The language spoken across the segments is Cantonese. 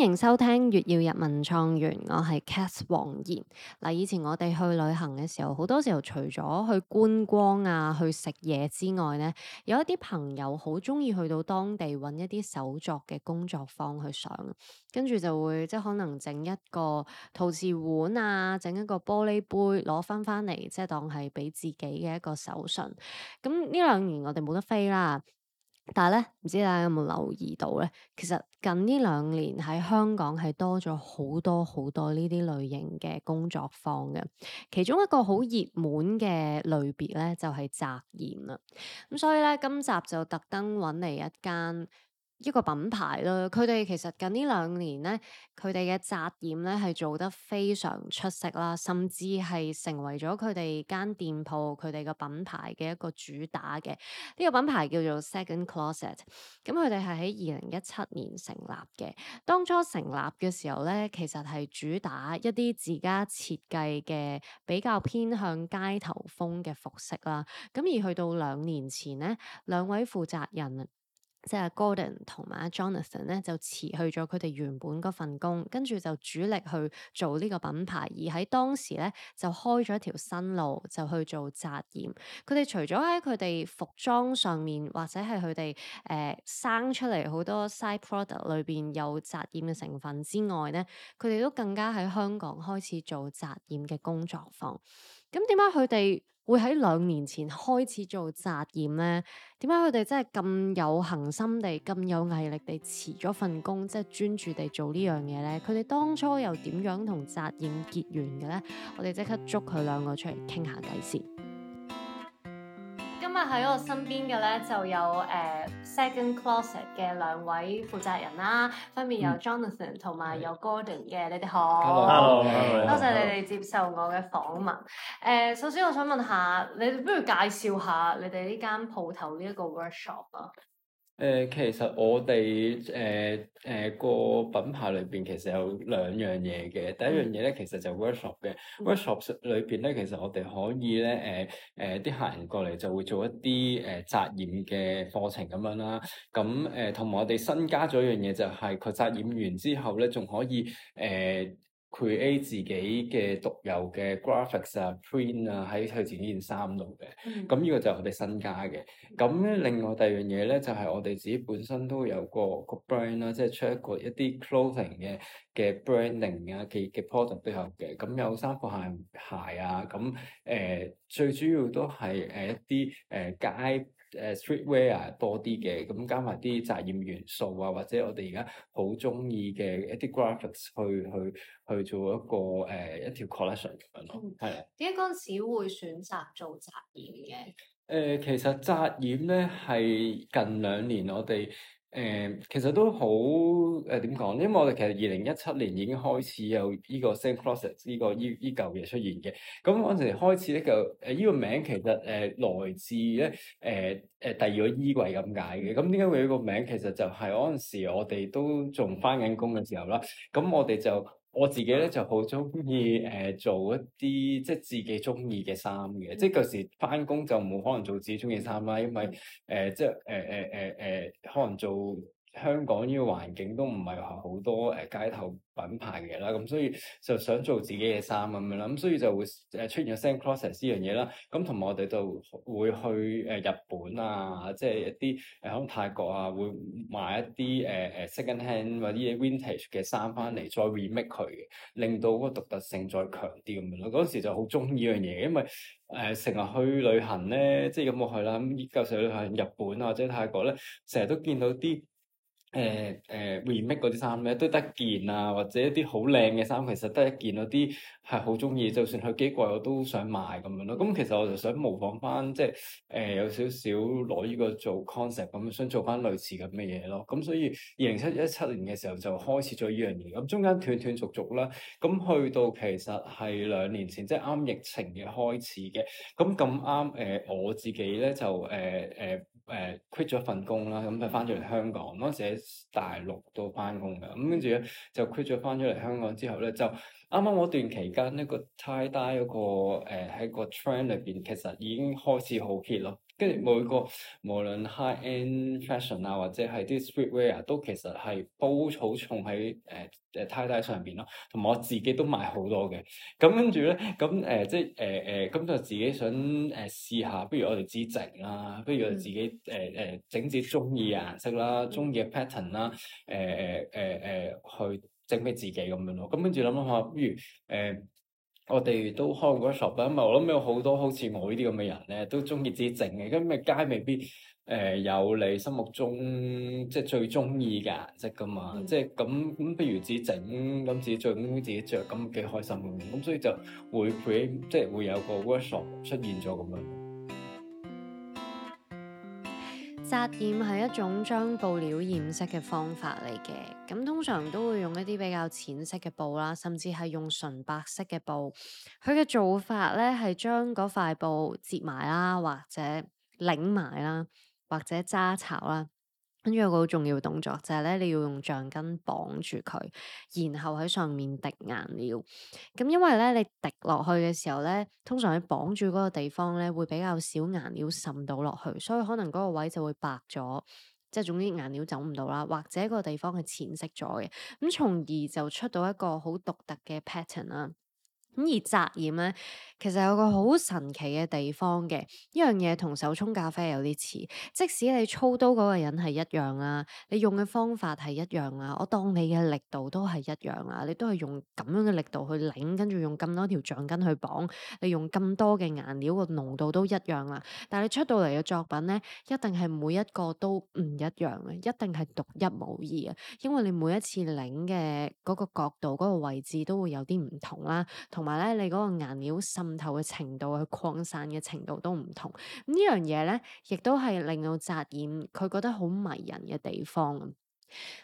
歡迎收聽《越要日文創園》，我係 Cath 黃妍。嗱，以前我哋去旅行嘅時候，好多時候除咗去觀光啊、去食嘢之外咧，有一啲朋友好中意去到當地揾一啲手作嘅工作坊去上，跟住就會即係可能整一個陶瓷碗啊，整一個玻璃杯，攞翻翻嚟，即係當係俾自己嘅一個手信。咁、嗯、呢兩年我哋冇得飛啦。但係咧，唔知大家有冇留意到咧？其實近呢兩年喺香港係多咗好多好多呢啲類型嘅工作坊嘅，其中一個好熱門嘅類別咧就係紮染啦。咁所以咧，今集就特登揾嚟一間。一個品牌啦，佢哋其實近呢兩年咧，佢哋嘅紮染咧係做得非常出色啦，甚至係成為咗佢哋間店鋪佢哋嘅品牌嘅一個主打嘅。呢個品牌叫做 Second Closet，咁佢哋係喺二零一七年成立嘅。當初成立嘅時候咧，其實係主打一啲自家設計嘅比較偏向街頭風嘅服飾啦。咁而去到兩年前呢，兩位負責人。即係 Gordon 同埋 Jonathan 咧，就辭去咗佢哋原本嗰份工，跟住就主力去做呢個品牌。而喺當時咧，就開咗一條新路，就去做紮染。佢哋除咗喺佢哋服裝上面或者係佢哋誒生出嚟好多 side product 裏邊有紮染嘅成分之外咧，佢哋都更加喺香港開始做紮染嘅工作坊。咁點解佢哋？會喺兩年前開始做紮染呢？點解佢哋真係咁有恆心地，咁有毅力地辭咗份工，即係專注地做呢樣嘢呢？佢哋當初又點樣同紮染結緣嘅呢？我哋即刻捉佢兩個出嚟傾下偈先。喺我身邊嘅咧就有誒、呃、Second Closet 嘅兩位負責人啦、啊，分別有 Jonathan 同埋有 Gordon 嘅的，你哋好，hello, hello, hello, 多謝你哋接受我嘅訪問。誒、呃，首先我想問下，你哋不如介紹下你哋呢間鋪頭呢個 workshop 啊？誒、呃，其實我哋誒誒個品牌裏邊其實有兩樣嘢嘅。第一樣嘢咧，其實就 workshop 嘅 workshop 裏邊咧，其實我哋可以咧誒誒啲客人過嚟就會做一啲誒紮染嘅課程咁樣啦。咁、啊、誒，同、呃、埋我哋新加咗一樣嘢，就是，就係佢紮染完之後咧，仲可以誒。呃 create 自己嘅獨有嘅 graphics 啊，print 啊，喺佢自己件衫度嘅。咁呢、mm hmm. 個就係我哋新加嘅。咁另外第二樣嘢咧，就係、是、我哋自己本身都有個、那個 brand 啦、啊，即係出一一啲 clothing 嘅嘅 branding 啊，嘅嘅 product 都有嘅。咁有衫、褲、鞋、鞋啊。咁誒、呃、最主要都係誒一啲誒、呃、街。誒、uh, streetwear 多啲嘅，咁加埋啲紮染元素啊，或者我哋而家好鍾意嘅一啲 graphics 去去去做一個誒、uh, 一條 collection 咁樣咯，係啊的。點解嗰陣時會選擇做紮染嘅？誒、呃，其實紮染呢係近兩年我哋。誒、嗯，其實都好誒、點、呃、講？因為我哋其實二零一七年已經開始有呢個 2nd Closet 呢、這個依依舊嘢出現嘅。咁嗰陣時開始咧就誒呢、呃這個名其實誒來自咧誒誒第二個衣櫃咁解嘅。咁點解會有個名？其實就係嗰陣時我哋都仲返緊工嘅時候啦。咁我哋就。我自己呢就好中意誒做一啲即係自己中意嘅衫嘅，mm hmm. 即係舊時返工就冇可能做自己中意嘅衫啦，因為誒、mm hmm. 呃、即係誒誒誒誒可能做。香港呢個環境都唔係話好多誒、呃、街頭品牌嘅啦，咁所以就想做自己嘅衫咁樣啦，咁所以就會誒出現咗 2nd Closet 呢樣嘢啦。咁同埋我哋就會去誒日本啊，即係一啲誒可能泰國啊，會買一啲誒誒 second hand 或者啲 vintage 嘅衫翻嚟再 remake 佢，令到嗰個獨特性再強啲咁樣咯。嗰時就好鍾意呢樣嘢，因為誒成日去旅行咧，即係咁去啦，咁舊時去旅行日本啊，或者泰國咧，成日都見到啲。誒誒 remake 嗰啲衫咧，都得件啊，或者一啲好靚嘅衫，其實得一件嗰啲係好中意，就算佢幾貴我都想買咁樣咯。咁、嗯、其實我就想模仿翻，即係誒、呃、有少少攞呢個做 concept 咁想做翻類似咁嘅嘢咯。咁所以二零一七年嘅時候就開始咗呢樣嘢，咁中間斷斷續續啦，咁去到其實係兩年前，即係啱疫情嘅開始嘅。咁咁啱誒我自己咧就誒誒。呃呃誒 quit 咗份工啦，咁就翻咗嚟香港。嗰陣時喺大陸都翻工嘅，咁跟住咧就 quit 咗，翻出嚟香港之後咧，就啱啱嗰段期間呢、這個 tie dye 嗰個誒喺、呃、個 trend 入邊，其實已經開始好 heat 咯。跟住每個無論 high end fashion 啊，或者係啲 street wear 啊，都其實係煲草叢喺誒誒太太上邊咯，同埋我自己都買好多嘅。咁跟住咧，咁、嗯、誒、呃、即係誒誒，咁、呃呃、就自己想誒試下，不如我哋自直啦，不如我哋自己誒誒整啲中意嘅顏色啦，中意嘅 pattern 啦，誒誒誒誒去整俾自己咁、呃呃呃、樣咯。咁跟住諗諗下，不如誒。呃我哋都開過 shop，因為我諗有好多好似我呢啲咁嘅人咧，都中意自己整嘅，咁咪街未必誒、呃、有你心目中即係最中意嘅顏色噶嘛，即係咁咁，不、嗯、如自己整，咁自己最，咁自己著，咁幾開心嘅，咁、嗯、所以就會配，即係會有個 workshop 出現咗咁樣。紮染係一種將布料染色嘅方法嚟嘅，咁通常都會用一啲比較淺色嘅布啦，甚至係用純白色嘅布。佢嘅做法呢係將嗰塊布摺埋啦，或者擰埋啦，或者揸炒啦。跟住有個好重要動作就係、是、咧，你要用橡筋綁住佢，然後喺上面滴顏料。咁、嗯、因為咧，你滴落去嘅時候咧，通常你綁住嗰個地方咧，會比較少顏料滲到落去，所以可能嗰個位就會白咗，即係總之顏料走唔到啦，或者個地方係淺色咗嘅，咁、嗯、從而就出到一個好獨特嘅 pattern 啦。咁而紮染咧，其實有個好神奇嘅地方嘅，一樣嘢同手沖咖啡有啲似。即使你操刀嗰個人係一樣啦，你用嘅方法係一樣啦，我當你嘅力度都係一樣啦，你都係用咁樣嘅力度去擰，跟住用咁多條橡筋去綁，你用咁多嘅顏料個濃度都一樣啦。但係你出到嚟嘅作品咧，一定係每一個都唔一樣嘅，一定係獨一無二啊！因為你每一次擰嘅嗰個角度、嗰個位置都會有啲唔同啦。同埋咧，你嗰個顏料滲透嘅程度、去擴散嘅程度都唔同。呢樣嘢咧，亦都係令到紮染佢覺得好迷人嘅地方。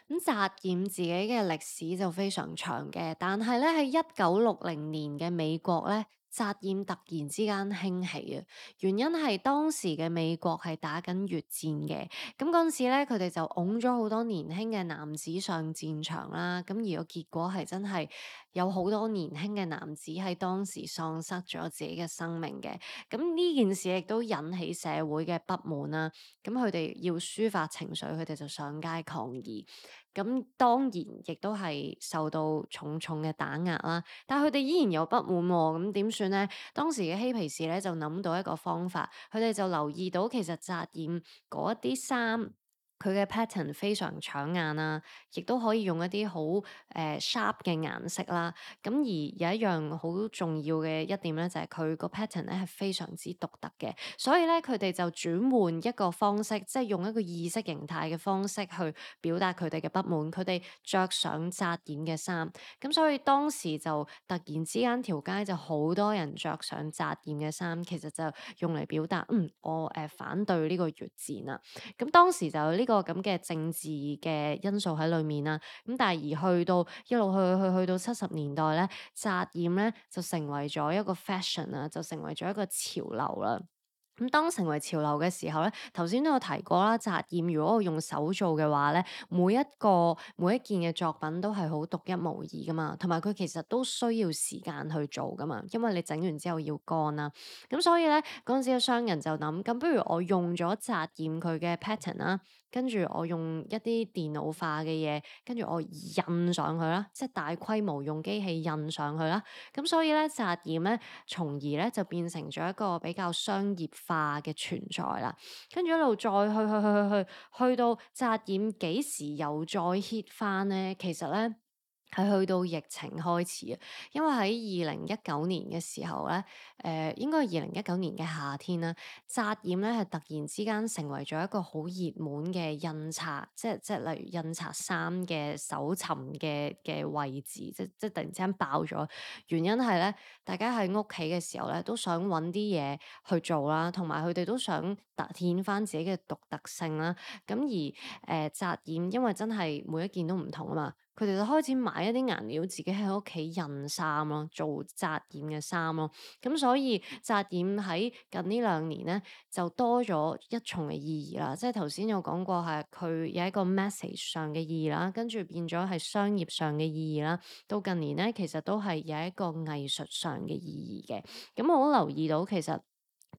咁紮染自己嘅歷史就非常長嘅，但係咧，喺一九六零年嘅美國咧，紮染突然之間興起啊。原因係當時嘅美國係打緊越戰嘅，咁嗰陣時咧，佢哋就擁咗好多年輕嘅男子上戰場啦。咁而個結果係真係。有好多年輕嘅男子喺當時喪失咗自己嘅生命嘅，咁呢件事亦都引起社會嘅不滿啦。咁佢哋要抒發情緒，佢哋就上街抗議。咁當然亦都係受到重重嘅打壓啦。但係佢哋依然有不滿，咁點算呢？當時嘅嬉皮士咧就諗到一個方法，佢哋就留意到其實紮染嗰一啲衫。佢嘅 pattern 非常搶眼啦，亦都可以用一啲好誒 sharp 嘅顏色啦。咁、啊、而有一樣好重要嘅一點咧，就係、是、佢個 pattern 咧係非常之獨特嘅。所以咧，佢哋就轉換一個方式，即係用一個意識形態嘅方式去表達佢哋嘅不滿，佢哋着上紮染嘅衫，咁、啊、所以當時就突然之間條街就好多人着上紮染嘅衫，其實就用嚟表達嗯我誒、呃、反對呢個越戰啊。咁、啊、當時就呢、這個。這個咁嘅政治嘅因素喺裏面啦，咁但係而去到一路去去去到七十年代咧，紮染咧就成為咗一個 fashion 啦，就成為咗一,一個潮流啦。咁當成為潮流嘅時候咧，頭先都有提過啦。紮染如果我用手做嘅話咧，每一個每一件嘅作品都係好獨一無二㗎嘛，同埋佢其實都需要時間去做㗎嘛，因為你整完之後要乾啦。咁所以咧，嗰陣時嘅商人就諗，咁不如我用咗紮染佢嘅 pattern 啦、啊，跟住我用一啲電腦化嘅嘢，跟住我印上去啦，即係大規模用機器印上去啦。咁所以咧，紮染咧，從而咧就變成咗一個比較商業。化嘅存在啦，跟住一路再去去去去去，去到紮染幾時又再 hit 翻咧？其實咧。係去到疫情開始啊，因為喺二零一九年嘅時候咧，誒、呃、應該係二零一九年嘅夏天啦，紮染咧係突然之間成為咗一個好熱門嘅印刷，即係即係例如印刷衫嘅搜尋嘅嘅位置，即即係突然之間爆咗。原因係咧，大家喺屋企嘅時候咧，都想搵啲嘢去做啦，同埋佢哋都想突顯返自己嘅獨特性啦。咁、嗯、而誒紮、呃、染，因為真係每一件都唔同啊嘛。佢哋就開始買一啲顏料，自己喺屋企印衫咯，做紮染嘅衫咯。咁所以紮染喺近呢兩年咧，就多咗一重嘅意義啦。即係頭先有講過係佢有一個 message 上嘅意義啦，跟住變咗係商業上嘅意義啦。到近年咧，其實都係有一個藝術上嘅意義嘅。咁我都留意到其實。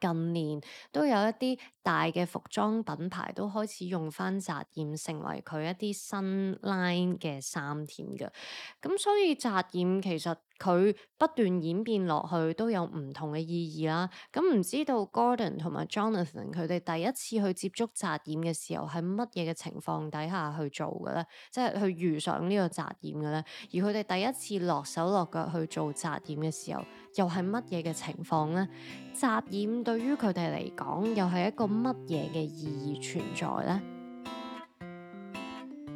近年都有一啲大嘅服裝品牌都開始用返紮染，成為佢一啲新 line 嘅衫添嘅，咁所以紮染其實。佢不斷演變落去都有唔同嘅意義啦。咁唔知道 Gordon 同埋 Jonathan 佢哋第一次去接觸紮染嘅時候係乜嘢嘅情況底下去做嘅呢？即係去遇上呢個紮染嘅呢？而佢哋第一次落手落腳去做紮染嘅時候又係乜嘢嘅情況呢？紮染對於佢哋嚟講又係一個乜嘢嘅意義存在呢？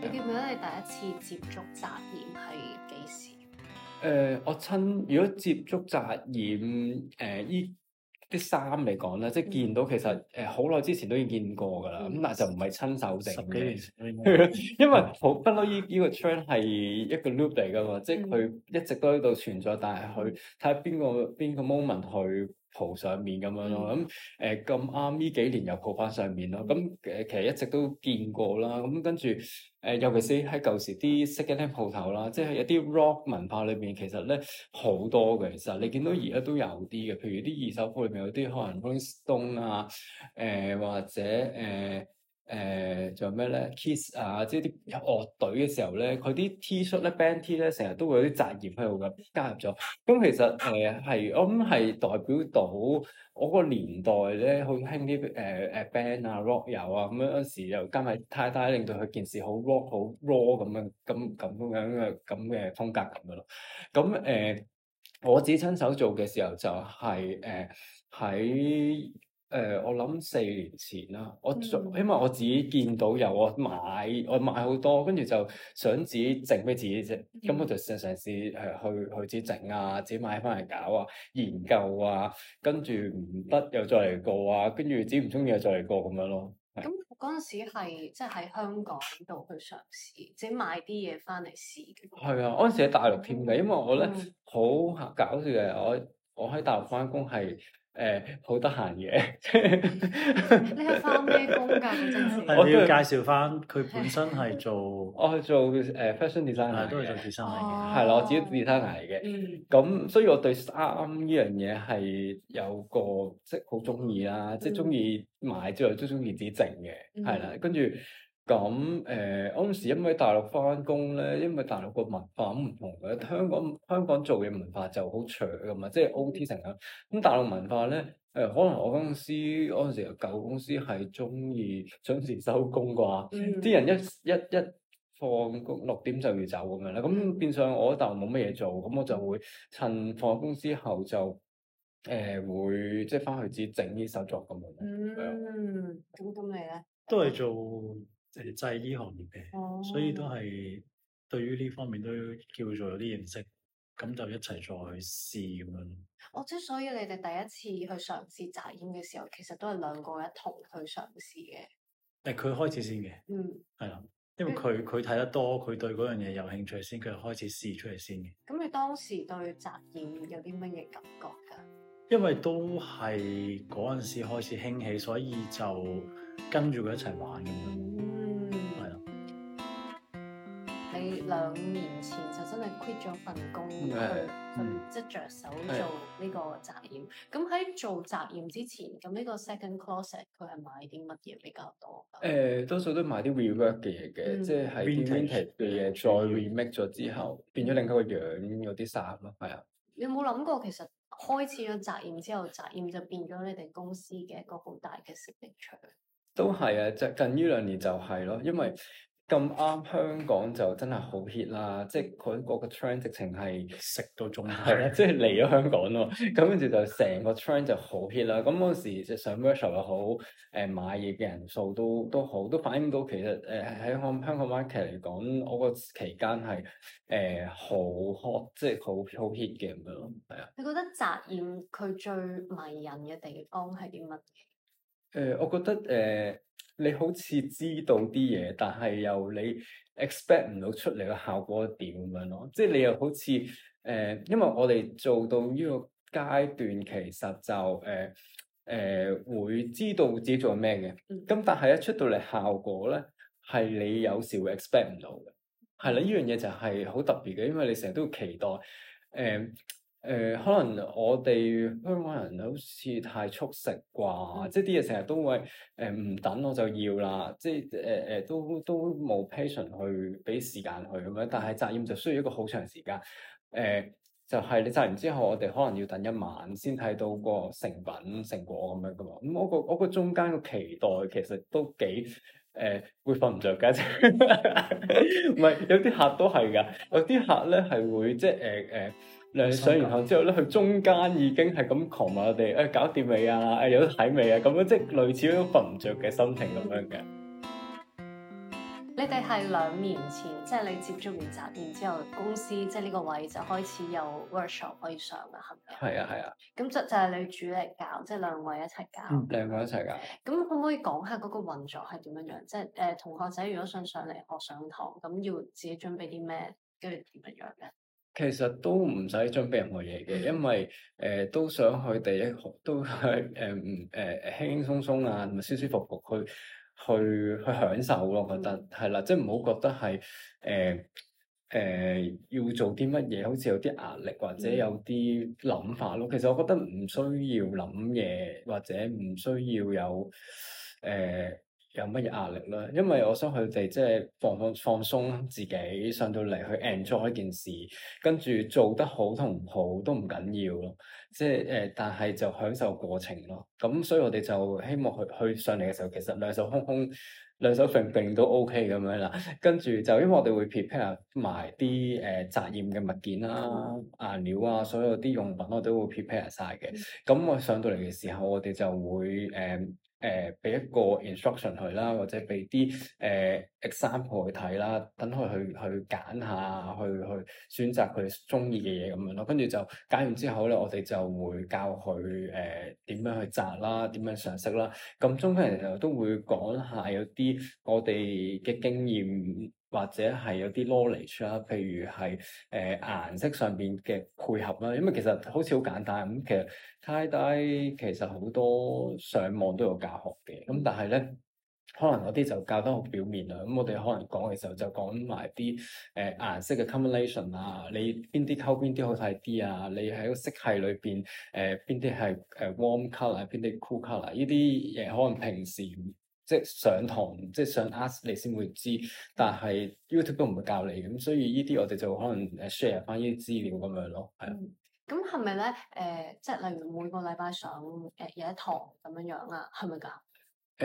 你記唔記得你第一次接觸紮染係幾時？誒、呃、我親，如果接觸紮染誒依啲衫嚟講咧，即係見到其實誒好耐之前都已經見過㗎啦，咁但係就唔係親手整嘅，十幾年， 因為好不嬲依依個 trend 係一個 loop 嚟㗎嘛，即係佢一直都喺度存在，但係佢睇下邊個邊個 moment 佢。鋪上面咁樣咯，咁誒咁啱呢幾年又鋪翻上面咯，咁、嗯、誒其實一直都見過啦，咁、嗯、跟住誒、呃、尤其是喺舊時啲 second hand 嘅鋪頭啦，即係有啲 rock 文化裏邊其實咧好多嘅，其實你見到而家都有啲嘅，譬如啲二手鋪裏面有啲可能 rhinestone 啊，誒、呃、或者誒。呃誒，仲、呃、有咩咧？Kiss 啊，即係啲樂隊嘅時候咧，佢啲 T 恤咧、band T 咧，成日都會有啲紮染喺度嘅，加入咗。咁、嗯、其實誒係，我諗係代表到我個年代咧，好興啲誒誒 band 啊、rock 友啊咁樣，嗰時又加埋太太，令到佢件事好 rock 好 raw o 咁樣咁咁樣嘅咁嘅風格咁嘅咯。咁、嗯、誒、呃，我自己親手做嘅時候就係誒喺。呃誒、呃，我諗四年前啦，我因為、嗯、我自己見到有我買，我買好多，跟住就想自己整俾自己啫。咁、嗯、我就成嘗試誒去去、去自己整啊，自己買翻嚟搞啊，研究啊，跟住唔得又再嚟過啊，跟住自己唔中意又再嚟過咁樣咯。咁嗰陣時係即係喺香港度去嘗試，自己買啲嘢翻嚟試嘅。係啊，嗰陣時喺大陸添嘅，因為我咧、嗯、好搞笑嘅，我我喺大陸翻工係。嗯誒，好得閒嘅。你係做咩工噶？真係。我要介紹翻，佢本身係做。我係做誒，fashion designer。係都係做設計師嘅，係啦，我做 designer 嚟嘅。咁，所以我對衫呢樣嘢係有個即係好中意啦，嗯、即係中意買之外，都中意自己整嘅，係啦、嗯，跟住。咁誒，嗰陣、呃、時因為大陸翻工咧，因為大陸個文化好唔同嘅。香港香港做嘅文化就好長嘅嘛，即係 O.T. 成啊。咁大陸文化咧，誒、呃、可能我公司嗰陣時舊公司係鍾意準時收工啩，啲、嗯、人一一一,一放工六點就要走咁樣咧。咁變相我大陸冇乜嘢做，咁我就會趁放工之後就誒、呃、會即係翻去自己整啲手作咁樣。嗯，咁都未咧都係做？誒，製衣行業嘅，oh. 所以都係對於呢方面都叫做有啲認識，咁就一齊再去試咁樣。我之、oh, 所以你哋第一次去嘗試紮染嘅時候，其實都係兩個一同去嘗試嘅。誒，佢開始先嘅，嗯、mm，係、hmm. 啦，因為佢佢睇得多，佢對嗰樣嘢有興趣先，佢就開始試出嚟先嘅。咁你當時對紮染有啲乜嘢感覺噶？因為都係嗰陣時開始興起，所以就跟住佢一齊玩咁樣。Mm hmm. 兩年前就真係 quit 咗份工去，即係、嗯嗯、着手做呢個紮染。咁喺、嗯、做紮染之前，咁呢個 Second Closet 佢係買啲乜嘢比較多？誒、呃，多數都買啲 rework 嘅嘢嘅，嗯、即係喺啲 Vintage 嘅嘢、嗯、再 remake 咗之後，嗯、變咗另一個樣嗰啲衫咯，係啊。你有冇諗過其實開始咗紮染之後，紮染就變咗你哋公司嘅一個好大嘅識力場？都係啊，即近呢兩年就係咯，因為。咁啱香港就真係好 hit 啦，即係佢嗰個 trend 直情係食到中係啦， 即係嚟咗香港咯，咁跟住就成個 trend 就好 hit 啦。咁嗰時就上 retail 又好，誒買嘢嘅人數都都好，都反映到其實誒喺、呃、我香港 market 嚟講，我個期間係誒好 hot，即係好好 hit 嘅咁樣。係啊，你覺得紮染佢最迷人嘅地方係啲乜嘢？誒、呃，我覺得誒。呃你好似知道啲嘢，但係又你 expect 唔到出嚟嘅效果點咁樣咯？即係你又好似誒，因為我哋做到呢個階段，其實就誒誒會知道自己做咩嘅。咁但係一出到嚟效果咧，係你有時會 expect 唔到嘅。係啦，呢樣嘢就係好特別嘅，因為你成日都要期待誒。呃誒、呃、可能我哋香港人好似太速食啩，即係啲嘢成日都會誒唔、呃、等我就要啦，即係誒誒都都冇 patience 去俾時間去咁樣，但係紮染就需要一個好長時間。誒、呃、就係、是、你紮完之後，我哋可能要等一晚先睇到個成品成果咁樣噶嘛。咁、嗯、我個我個中間嘅期待其實都幾誒、呃、會瞓唔着嘅，即唔係有啲客都係噶，有啲客咧係會即係誒誒。呃亮相然後之後咧，佢中間已經係咁狂話我哋，誒，搞掂未啊？誒，有睇未啊？咁樣即係類似嗰種瞓唔着嘅心情咁樣嘅。你哋係兩年前即係你接觸完紮染，然之後公司即係呢個位就開始有 workshop 可以上啦，係咪？係啊，係啊。咁就就係你主力教，即係兩位一齊教，兩、嗯、個一齊教。咁可唔可以講下嗰個運作係點樣樣？即係誒，同學仔如果想上嚟學上堂，咁要自己準備啲咩？跟住點樣樣嘅？其實都唔使準備任何嘢嘅，因為誒、呃、都想佢哋，都係誒誒輕輕鬆鬆啊，同埋舒舒服服去去去享受咯、啊。我覺得係啦，即係唔好覺得係誒誒要做啲乜嘢，好似有啲壓力或者有啲諗法咯、啊。其實我覺得唔需要諗嘢，或者唔需要有誒。呃有乜嘢壓力咧？因為我想佢哋即係放放放鬆自己，上到嚟去 enjoy 一件事，跟住做得好同唔好都唔緊要咯。即係誒、呃，但係就享受過程咯。咁所以我哋就希望佢佢上嚟嘅時候，其實兩手空空、兩手揈揈都 OK 咁樣啦。跟住就因為我哋會 prepare 埋啲誒紮染嘅物件啦、啊、顏料啊、所有啲用品，我哋都會 prepare 晒嘅。咁我上到嚟嘅時候，我哋就會誒。呃誒，俾、呃、一個 instruction 佢啦，或者俾啲誒 example 佢睇啦，等、呃、佢去去揀下去去選擇佢中意嘅嘢咁樣咯，跟住就揀完之後咧，我哋就會教佢誒點樣去紮啦，點樣上色啦，咁中間其實都會講下有啲我哋嘅經驗。或者係有啲 knowledge 啦，譬如係誒顏色上邊嘅配合啦，因為其實好似好簡單咁。其實 tie dye，其實好多上網都有教學嘅，咁但係咧可能有啲就教得好表面啦。咁我哋可能講嘅時候就講埋啲誒顏色嘅 combination 啊，你邊啲溝邊啲好睇啲啊？你喺個色系裏邊誒邊啲係誒 warm color 啊，邊啲 cool color 呢啲嘢可能平時～即係上堂，即係想 ask 你先會知，但係 YouTube 都唔會教你咁，所以呢啲我哋就可能 share 翻、嗯、呢啲資料咁樣咯，係啊。咁係咪咧？誒，即係例如每個禮拜上誒有一堂咁樣樣啦？係咪噶？誒、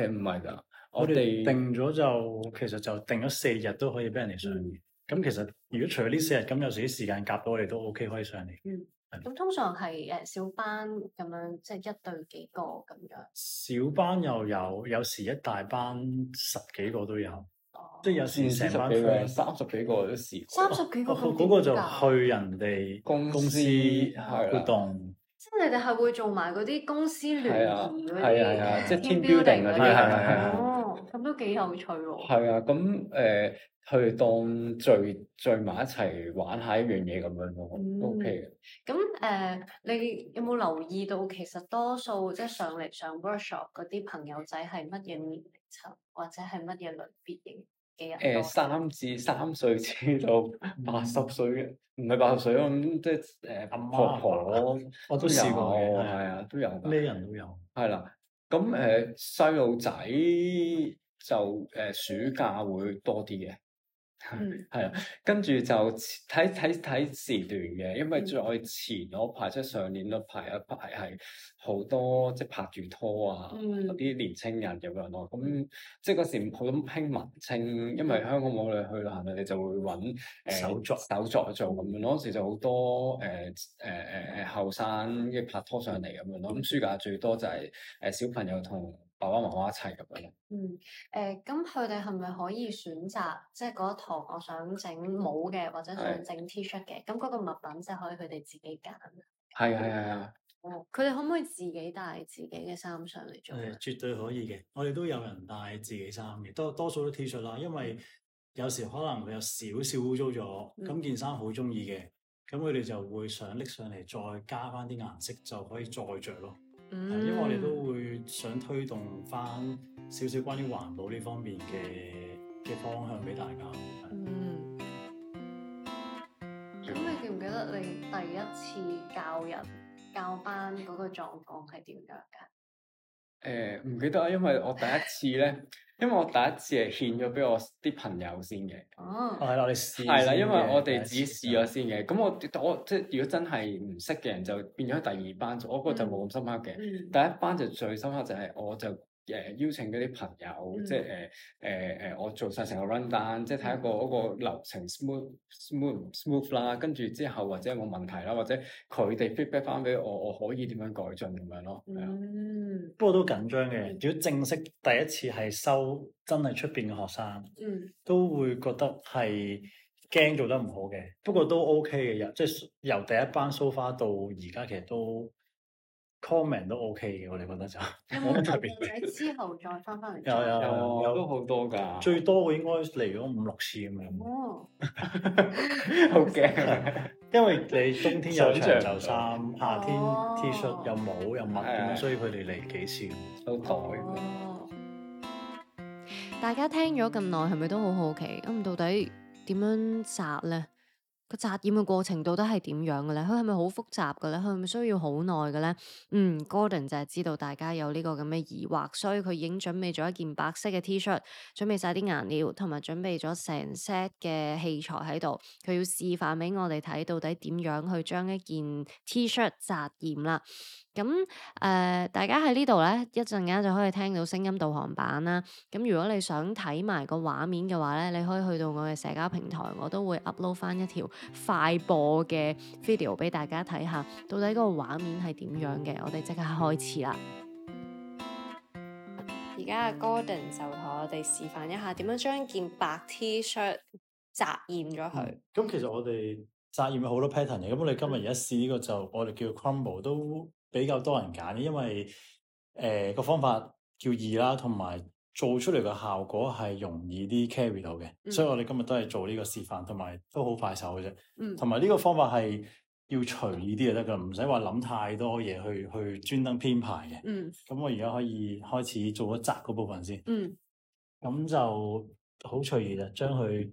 嗯，唔係噶，我哋定咗就其實就定咗四日都可以俾人哋上嘅。咁、嗯、其實如果除咗呢四日，咁有時啲時間夾到我哋都 OK 可以上嚟。嗯咁通常係誒小班咁樣，即係一對幾個咁樣。小班又有，有時一大班十幾個都有，即係有時成班三十幾個都時。三十幾個咁，嗰個就去人哋公司活動。即係你哋係會做埋嗰啲公司聯誼啊，即啲，team building 嗰啲。咁都幾有趣喎！係啊，咁誒去當聚聚埋一齊玩下一樣嘢咁樣咯，OK 嘅。咁、嗯、誒、 嗯呃，你有冇留意到其實多數即係上嚟上 workshop 嗰啲朋友仔係乜嘢年齡層，或者係乜嘢類別型嘅人？誒、嗯，三至三歲至到八十歲嘅，唔係八十歲咯，咁即係阿婆婆、嗯，我都有試過嘅，係啊，都有，咩人都有。係啦，咁誒、呃、細路仔。就誒暑假會多啲嘅，係啊，跟住就睇睇睇時段嘅，因為在前嗰排即係上年都排一排係好多即係拍住拖啊，啲年青人咁樣咯，咁即係嗰時好興文青，因為香港冇嘢去啦，你就會揾手作手作做咁樣，嗰時就好多誒誒誒誒後生嘅拍拖上嚟咁樣咯，咁暑假最多就係誒小朋友同。爸爸媽媽一齊咁樣。嗯，誒、呃，咁佢哋係咪可以選擇，即係嗰一堂，我想整帽嘅，或者想整 T-shirt 嘅，咁嗰的個物品即係可以佢哋自己揀？係啊係啊係啊。哦、嗯，佢哋的可唔可以自己帶自己嘅衫上嚟著？誒，絕對可以嘅。我哋都有人帶自己衫嘅，多多數都 T 恤啦，因為有時可能佢有少少污糟咗，咁、嗯、件衫好中意嘅，咁佢哋就會想拎上嚟再加翻啲顏色，就可以再着咯。嗯，因為我哋都會想推動翻少少關於環保呢方面嘅嘅方向俾大家。嗯。咁你記唔記得你第一次教人教班嗰個狀況係點樣㗎？誒唔、呃、記得啊，因為我第一次咧， 因為我第一次係獻咗俾我啲朋友先嘅。啊、哦，係啦，你試係啦，因為我哋只試咗先嘅。咁我我即係如果真係唔識嘅人就變咗第二班，我嗰個就冇咁深刻嘅。嗯、第一班就最深刻就係我就。誒，邀請嗰啲朋友，嗯、即係誒，誒、呃，誒、呃呃，我做晒成個 run down，即係睇一個嗰、嗯、個流程 smooth，smooth，smooth smooth, smooth, 啦，跟住之後或者有冇問題啦，或者佢哋 feedback 翻俾我，我可以點樣改進咁、嗯、樣咯，嗯、不過都緊張嘅，如果正式第一次係收真係出邊嘅學生，嗯、都會覺得係驚做得唔好嘅，不過都 OK 嘅，即、就、係、是、由第一班 so far 到而家其實都。comment 都 OK 嘅，我哋覺得就有冇特別？喺之後再翻翻嚟，有有有，有有有都好多㗎，最多嘅應該嚟咗五六次咁樣。哦， 好驚怕， 因為你冬天有長袖衫，夏天 T 恤又帽又襪，哦、所以佢哋嚟幾次都袋。哦哦、大家聽咗咁耐，係咪都好好奇？咁、啊、到底點樣紮咧？個紮染嘅過程到底係點樣嘅咧？佢係咪好複雜嘅咧？佢係咪需要好耐嘅咧？嗯，Gordon 就係知道大家有呢個咁嘅疑惑，所以佢已經準備咗一件白色嘅 T-shirt，準備曬啲顏料，同埋準備咗成 set 嘅器材喺度，佢要示範俾我哋睇到底點樣去將一件 T-shirt 紮染啦。咁誒、呃，大家喺呢度咧，一陣間就可以聽到聲音導航版啦。咁如果你想睇埋個畫面嘅話咧，你可以去到我嘅社交平台，我都會 upload 翻一條快播嘅 video 俾大家睇下，到底個畫面係點樣嘅。我哋即刻開始啦！而家阿 Gordon 就同我哋示範一下點樣將件白 T-shirt 紮染咗佢。咁、嗯、其實我哋紮染有好多 pattern 嘅，咁我哋今日而家試呢個就我哋叫 crumble 都，比較多人揀，因為誒、呃個方法叫易啦，同埋做出嚟嘅效果係容易啲 carry 到嘅，嗯、所以我哋今日都係做呢個示範，同埋都好快手嘅啫。嗯，同埋呢個方法係要隨意啲就得㗎，唔使話諗太多嘢去去專登編排嘅。嗯，咁我而家可以開始做一紮嗰部分先。嗯，咁就好隨意啦，將佢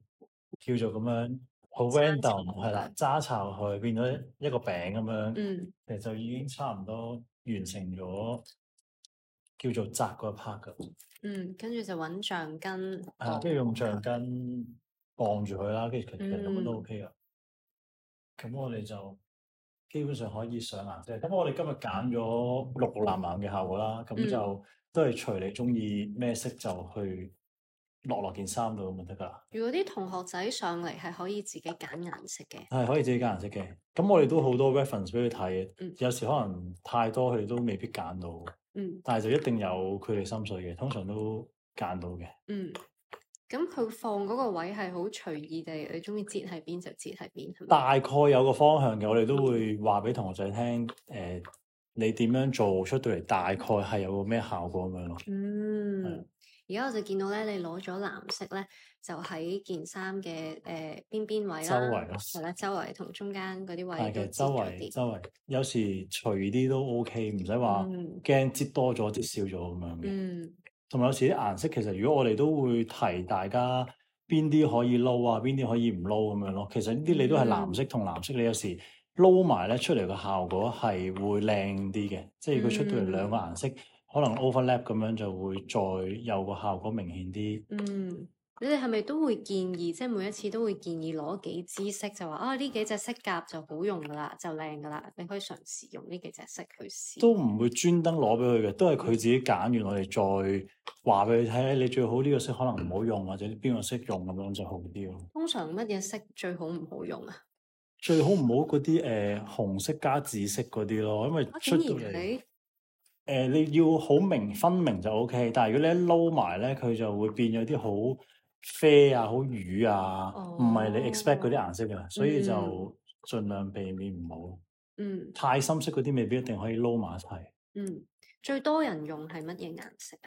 叫做咁樣。好 random 係啦，揸巢佢變咗一個餅咁樣，誒就、嗯、已經差唔多完成咗叫做紮嗰 part 噶。嗯，跟住就揾橡筋，跟住用橡筋綁住佢啦。跟住其實根本都 OK 噶。咁我哋就基本上可以上顏色。咁我哋今日揀咗綠藍藍嘅效果啦，咁、嗯、就都係隨你中意咩色就去，落落件衫度咁咪得噶。如果啲同學仔上嚟係可以自己揀顏色嘅，係可以自己揀顏色嘅。咁我哋都好多 reference 俾佢睇。嘅、嗯，有時可能太多佢哋都未必揀到。嗯。但係就一定有佢哋心水嘅，通常都揀到嘅。嗯。咁佢放嗰個位係好隨意地，你中意截喺邊就截喺邊，係咪？大概有個方向嘅，我哋都會話俾同學仔聽。誒，你點樣做出到嚟？大概係有個咩效果咁樣咯。嗯。而家我就見到咧，你攞咗藍色咧，就喺件衫嘅誒邊邊位啦，周圍啊，係啦，周圍同中間嗰啲位都沾啲的。周圍，周圍有時隨啲都 OK，唔使話驚擠多咗、擠少咗咁樣嘅。嗯。同埋有時啲顏色其實，如果我哋都會提大家邊啲可以撈啊，邊啲可以唔撈咁樣咯。其實呢啲你都係藍色同藍色，你有時撈埋咧出嚟嘅效果係會靚啲嘅，即係佢出到嚟兩個顏色。嗯嗯可能 overlap 咁樣就會再有個效果明顯啲。嗯，你哋係咪都會建議，即係每一次都會建議攞幾支色，就話啊呢幾隻色夾就好用噶啦，就靚噶啦，你可以嘗試用呢幾隻色去試。都唔會專登攞俾佢嘅，都係佢自己揀完，我哋再話俾佢睇。你最好呢個色可能唔好用，或者邊個色用咁樣就好啲咯。通常乜嘢色最好唔好用啊？最好唔好嗰啲誒紅色加紫色嗰啲咯，因為出到嚟。誒、呃、你要好明分明就 OK，但係如果你一撈埋咧，佢就會變咗啲好啡啊、好魚啊，唔係、哦、你 expect 嗰啲顏色嘅，所以就盡量避免唔好。嗯。太深色嗰啲未必一定可以撈埋一齊。嗯，最多人用係乜嘢顏色啊？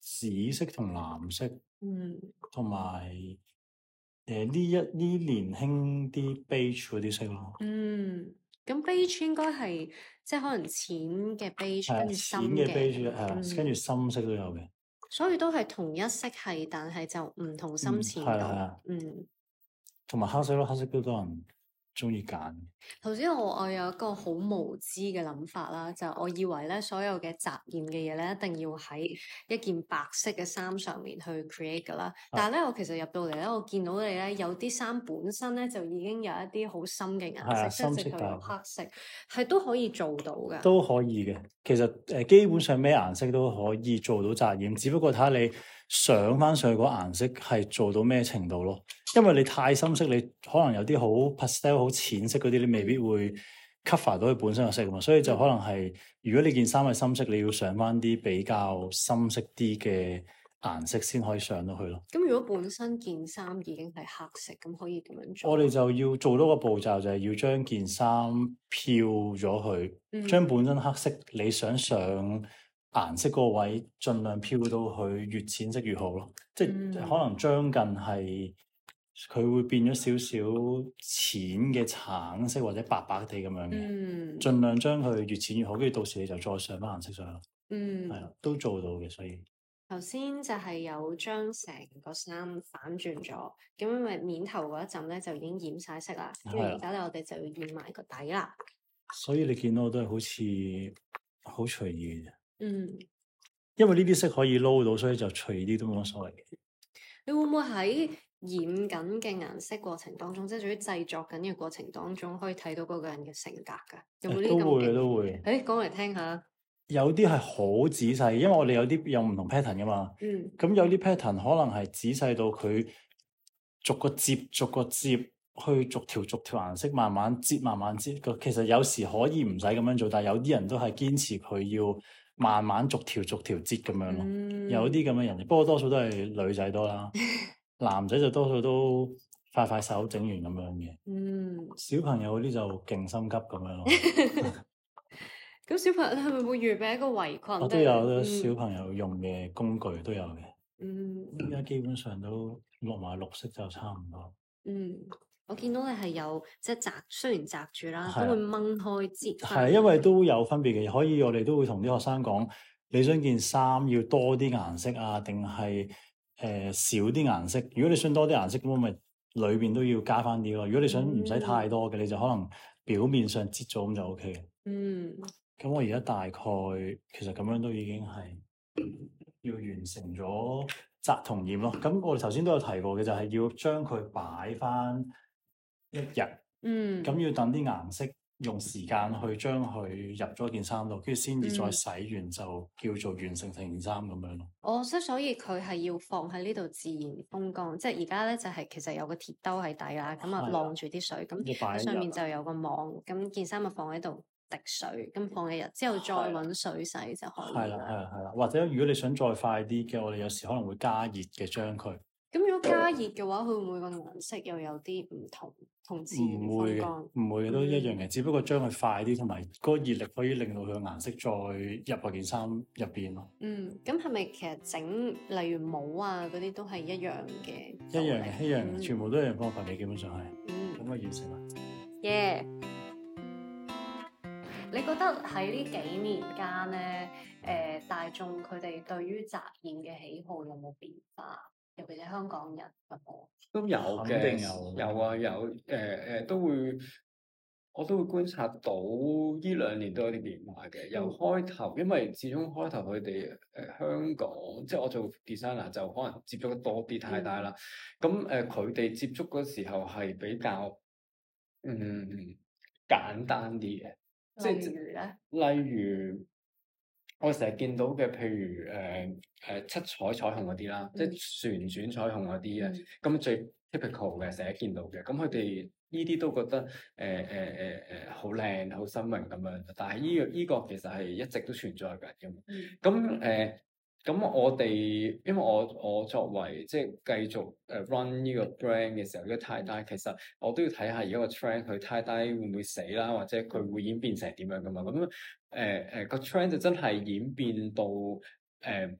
紫色同藍色。嗯。同埋誒呢一呢年輕啲 beige 嗰啲色咯。嗯。咁 beige 應該係即係可能淺嘅 beige，跟住深嘅，係、嗯、跟住深色都有嘅，所以都係同一色系，但係就唔同深淺度，嗯，同埋、嗯、黑色咯，黑色都多人中意揀。頭先我我有一個好無知嘅諗法啦，就是，我以為咧所有嘅紮染嘅嘢咧，一定要喺一件白色嘅衫上面去 create 噶啦。啊、但係咧，我其實入到嚟咧，我見到你咧有啲衫本身咧就已經有一啲好深嘅顏色，啊、深色同黑色，係、啊、都可以做到嘅。都可以嘅。其實誒，基本上咩顏色都可以做到紮染，嗯、只不過睇下你。上翻上去個顏色係做到咩程度咯？因為你太深色，你可能有啲好 pastel 好淺色嗰啲，你未必會 cover 到佢本身嘅色嘛。所以就可能係，如果你件衫係深色，你要上翻啲比較深色啲嘅顏色先可以上到去咯。咁如果本身件衫已經係黑色，咁可以點樣做？我哋就要做多個步驟，就係、是、要將件衫漂咗佢，嗯、將本身黑色你想上顏色嗰個位，盡量漂到佢越淺色越好咯。即係、嗯、可能將近係佢會變咗少少淺嘅橙色或者白白地咁樣嘅，盡、嗯、量將佢越淺越好。跟住到時你就再上翻顏色上去。嗯，係啦，都做到嘅。所以頭先就係有將成個衫反轉咗，咁咪面頭嗰一陣咧就已經染晒色啦。跟住而家咧，我哋就要染埋個底啦。所以你見到我都係好似好隨意嘅。嗯，因為呢啲色可以撈到，所以就隨啲都冇乜所謂嘅。你會唔會喺染緊嘅顏色過程當中，即係做啲製作緊嘅過程當中，可以睇到嗰個人嘅性格噶？有冇啲咁、欸、都會都會。誒、欸，講嚟聽下。有啲係好仔細，因為我哋有啲有唔同 pattern 噶嘛。嗯。咁有啲 pattern 可能係仔細到佢逐個接，逐個接去逐條逐條顏色，慢慢接，慢慢接。個其實有時可以唔使咁樣做，但係有啲人都係堅持佢要。慢慢逐條逐條折咁樣咯，嗯、有啲咁嘅人，不過多數都係女仔多啦， 男仔就多數都快快手整完咁樣嘅。嗯，小朋友嗰啲就勁心急咁樣咯。咁 小朋友係咪會預備一個圍裙？是我都有，嗯、小朋友用嘅工具都有嘅。嗯，依家基本上都落埋綠色就差唔多。嗯。我見到你係有即係紮，雖然紮住啦，都會掹開折。係，因為都有分別嘅，可以我哋都會同啲學生講，你想件衫要多啲顏色啊定係誒少啲顏色？如果你想多啲顏色，咁咪裏邊都要加翻啲咯。如果你想唔使太多嘅，嗯、你就可能表面上折咗咁就 O K 嘅。嗯。咁我而家大概其實咁樣都已經係要完成咗紮同染咯。咁我哋頭先都有提過嘅，就係、是、要將佢擺翻。一日，嗯，咁要等啲顏色用時間去將佢入咗件衫度，跟住先至再洗完就叫做完成成件衫咁樣咯。哦，即所以佢係要放喺呢度自然風乾，即係而家咧就係、是、其實有個鐵兜喺底啦，咁啊晾住啲水，咁了上面就有個網，咁了件衫咪放喺度滴水，咁放一日之後再揾水洗就可以。係啦，係啦，係啦，或者如果你想再快啲嘅，我哋有時可能會加熱嘅將佢。加熱嘅話，佢會唔會個顏色又有啲唔同同自然？唔會嘅，唔會嘅，都一樣嘅。只不過將佢快啲，同埋嗰個熱力可以令到佢嘅顏色再入落件衫入邊咯。嗯，咁係咪其實整例如帽啊嗰啲都係一樣嘅？一樣嘅，一樣嘅，全部都一樣方法嘅，基本上係。嗯，咁啊，完成啦。耶，你覺得喺呢幾年間咧，誒、呃、大眾佢哋對於紮染嘅喜好有冇變化？尤其是香港人都有嘅，一定有有啊，有，誒誒、呃呃，都會，我都會觀察到呢兩年都有啲變化嘅。由開頭，因為始終開頭佢哋誒香港，即係我做 designer 就可能接觸得多啲太大啦。咁誒、嗯，佢哋、呃、接觸嗰時候係比較嗯簡單啲嘅，即係例如，例如。我成日見到嘅，譬如誒誒、呃呃、七彩彩虹嗰啲啦，即係旋轉彩虹嗰啲啊，咁、嗯嗯、最 typical 嘅成日見到嘅，咁佢哋呢啲都覺得誒誒誒誒好靚、好、呃呃呃、新穎咁樣，但係呢樣呢個其實係一直都存在緊嘅，咁、嗯、誒。呃咁我哋，因為我我作為即係繼續誒 run 呢個 brand 嘅時候，呢、這個 tie dye，其實我都要睇下而家個 trend 佢 tie dye 會唔會死啦，或者佢會演變成點樣噶嘛？咁誒誒個 trend 就真係演變到誒、呃、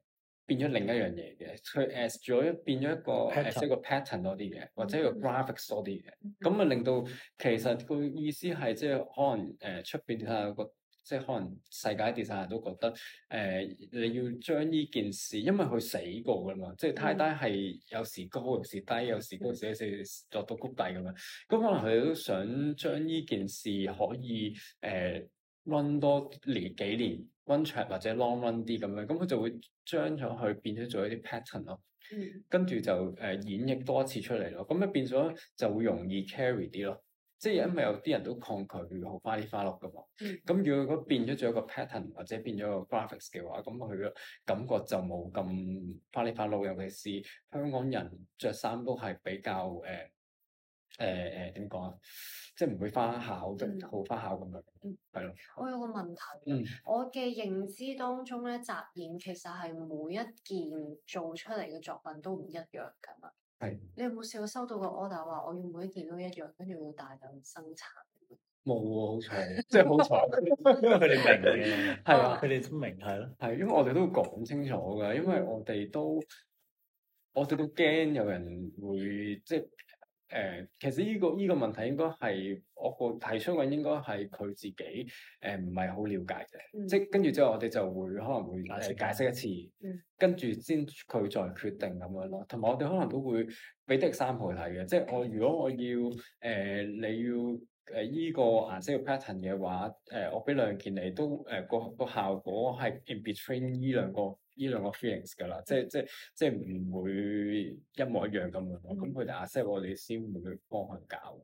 變咗另一樣嘢嘅，佢 as 咗變咗一個 s, Pattern. as 一個 pattern 多啲嘅，或者一個 graphics 多啲嘅，咁啊、mm hmm. 令到其實個意思係即係可能誒出邊睇下個。呃即係可能世界啲電人都覺得，誒、呃、你要將呢件事，因為佢死過㗎嘛，即係太低係有時高時，有時低，有時高，有時落到谷底咁樣。咁、嗯、可能佢都想將呢件事可以誒、呃、run 多年幾年 run 長或者 long run 啲咁樣，咁、嗯、佢、嗯、就會將咗佢變咗做一啲 pattern 咯。跟住就誒、呃、演繹多一次出嚟咯，咁咪變咗就會容易 carry 啲咯。即係因為有啲人都抗拒好花里花碌噶嘛，咁、嗯、如果嗰變咗做一個 pattern 或者變咗個 graphics 嘅話，咁佢感覺就冇咁花里花碌，尤其是香港人着衫都係比較誒誒誒點講啊，即係唔會花巧好、嗯、花巧咁樣，係咯。我有個問題，嗯、我嘅認知當中咧，紮染其實係每一件做出嚟嘅作品都唔一樣噶嘛。 你有冇試過收到個 order 話我要每一件都一樣，跟住要大量生產？冇喎，好彩！ 即係好彩！因為佢哋明嘅，係啊 吧，佢哋都明係咯，係，因為我哋都會講清楚噶，因為我哋都，我哋都驚有人會即係。誒、呃，其實呢、這個依、這個問題應該係我個提出嘅，應該係佢自己誒唔係好了解嘅，嗯、即係跟住之後我哋就會可能會解釋一次，嗯、跟住先佢再決定咁樣咯。同、嗯、埋、嗯嗯嗯、我哋可能都會俾第三號題嘅，嗯、即係我如果我要誒、呃、你要。誒，依、呃這個顏色個 pattern 嘅話，誒、呃，我俾兩件你都，誒、呃，個個,個效果係 in between 依兩個依兩個 feelings 噶啦，即係即係即係唔會一模一樣咁、嗯、樣，咁佢哋顏色我哋先會幫佢搞。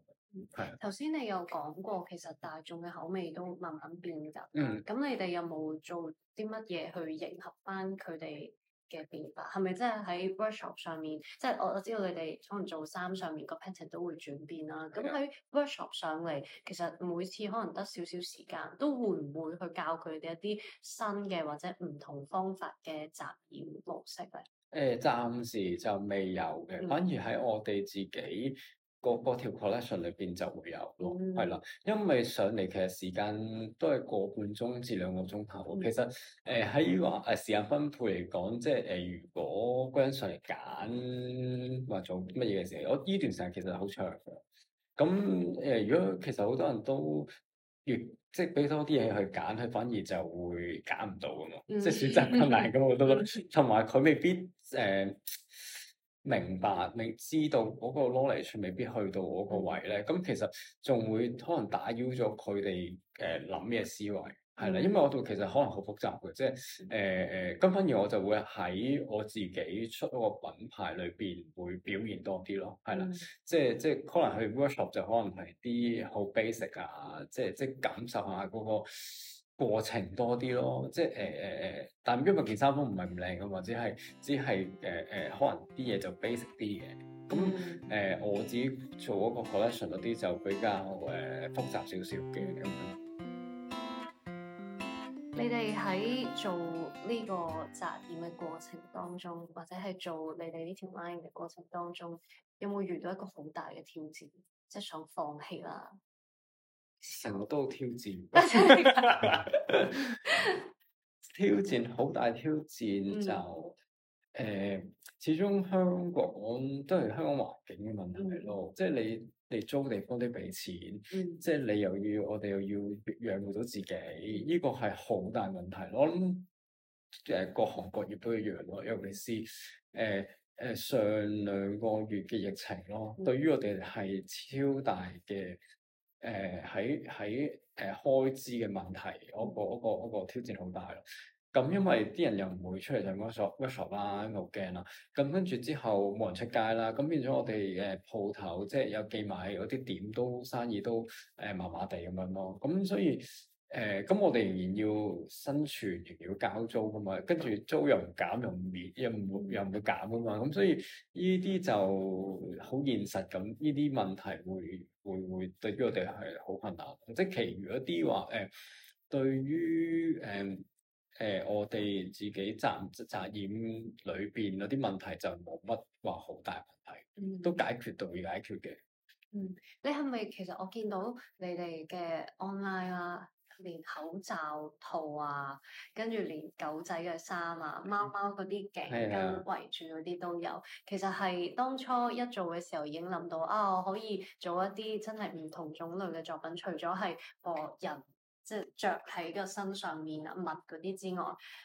係、嗯，頭先是你有講過，其實大眾嘅口味都慢慢變噶，咁、嗯、你哋有冇做啲乜嘢去迎合翻佢哋？嘅變化係咪真係喺 workshop 上面？即係我我知道你哋可能做衫上面個 pattern 都會轉變啦。咁喺的 workshop 上嚟，其實每次可能得少少時間，都會唔會去教佢哋一啲新嘅或者唔同方法嘅紮染模式咧？誒、呃，暫時就未有嘅，嗯、反而喺我哋自己。個個條 collection 裏邊就會有咯，係啦、嗯，因為上嚟其實時間都係個半鐘至兩個鐘頭。嗯、其實誒喺、呃、話誒時間分配嚟講，即係誒、呃、如果嗰個人上嚟揀或做乜嘢嘅時候，我呢段時間其實好長咁誒、呃，如果其實好多人都越即係俾多啲嘢去揀，佢反而就會揀唔到嘅嘛，嗯、即係選擇困難咁我都覺得。同埋佢未必誒。呃呃明白，未知道嗰個 knowledge 未必去到嗰個位咧，咁其實仲會可能打擾咗佢哋誒諗嘅思維，係啦，因為我度其實可能好複雜嘅，即係誒誒，咁反而我就會喺我自己出嗰個品牌裏邊會表現多啲咯，係啦，即係即係可能去 workshop 就可能係啲好 basic 啊，即係即係感受下嗰個。過程多啲咯，即係誒誒誒，但因為件衫都唔係唔靚噶，或者係只係誒誒，可能啲嘢就 basic 啲嘅。咁、嗯、誒、呃，我自己做嗰個 collection 嗰啲就比較誒、呃、複雜少少嘅咁樣。你哋喺做呢個紮染嘅過程當中，或者係做你哋呢條 line 嘅過程當中，有冇遇到一個好大嘅挑戰，即係想放棄啦？成日都挑戰， 挑戰，好大挑戰就誒、呃，始終香港都係香港環境嘅問題咯。嗯、即係你哋租地方都要俾錢，嗯、即係你又要我哋又要養活到自己，呢個係好大問題咯。我諗各行各業都一樣咯。尤其是誒誒、呃，上兩個月嘅疫情咯，嗯、對於我哋係超大嘅。誒喺喺誒開支嘅問題，我個我個我個挑戰好大咯。咁因為啲人又唔會出嚟，上就係嗰個 shop 啦、目鏡啦。咁跟住之後冇人出街啦。咁變咗我哋誒鋪頭，即係有寄賣嗰啲店都生意都誒麻麻地咁樣咯。咁所以。誒咁，嗯、我哋仍然要生存，仍然要交租噶嘛。跟住租又唔減又唔免，又唔又唔會減噶嘛。咁、嗯、所以呢啲就好現實咁，呢啲問題會會會對於我哋係好困難。即係其餘一啲話誒，對於誒誒、呃呃、我哋自己紮紮染裏邊嗰啲問題就冇乜話好大問題，都解決到要解決嘅。嗯，你係咪其實我見到你哋嘅 online 啊？連口罩套啊，跟住連狗仔嘅衫啊、嗯、貓貓嗰啲頸巾圍住嗰啲都有。嗯、其實係當初一做嘅時候已經諗到啊，我可以做一啲真係唔同種類嘅作品，除咗係個人即係著喺個身上面啊物嗰啲之外，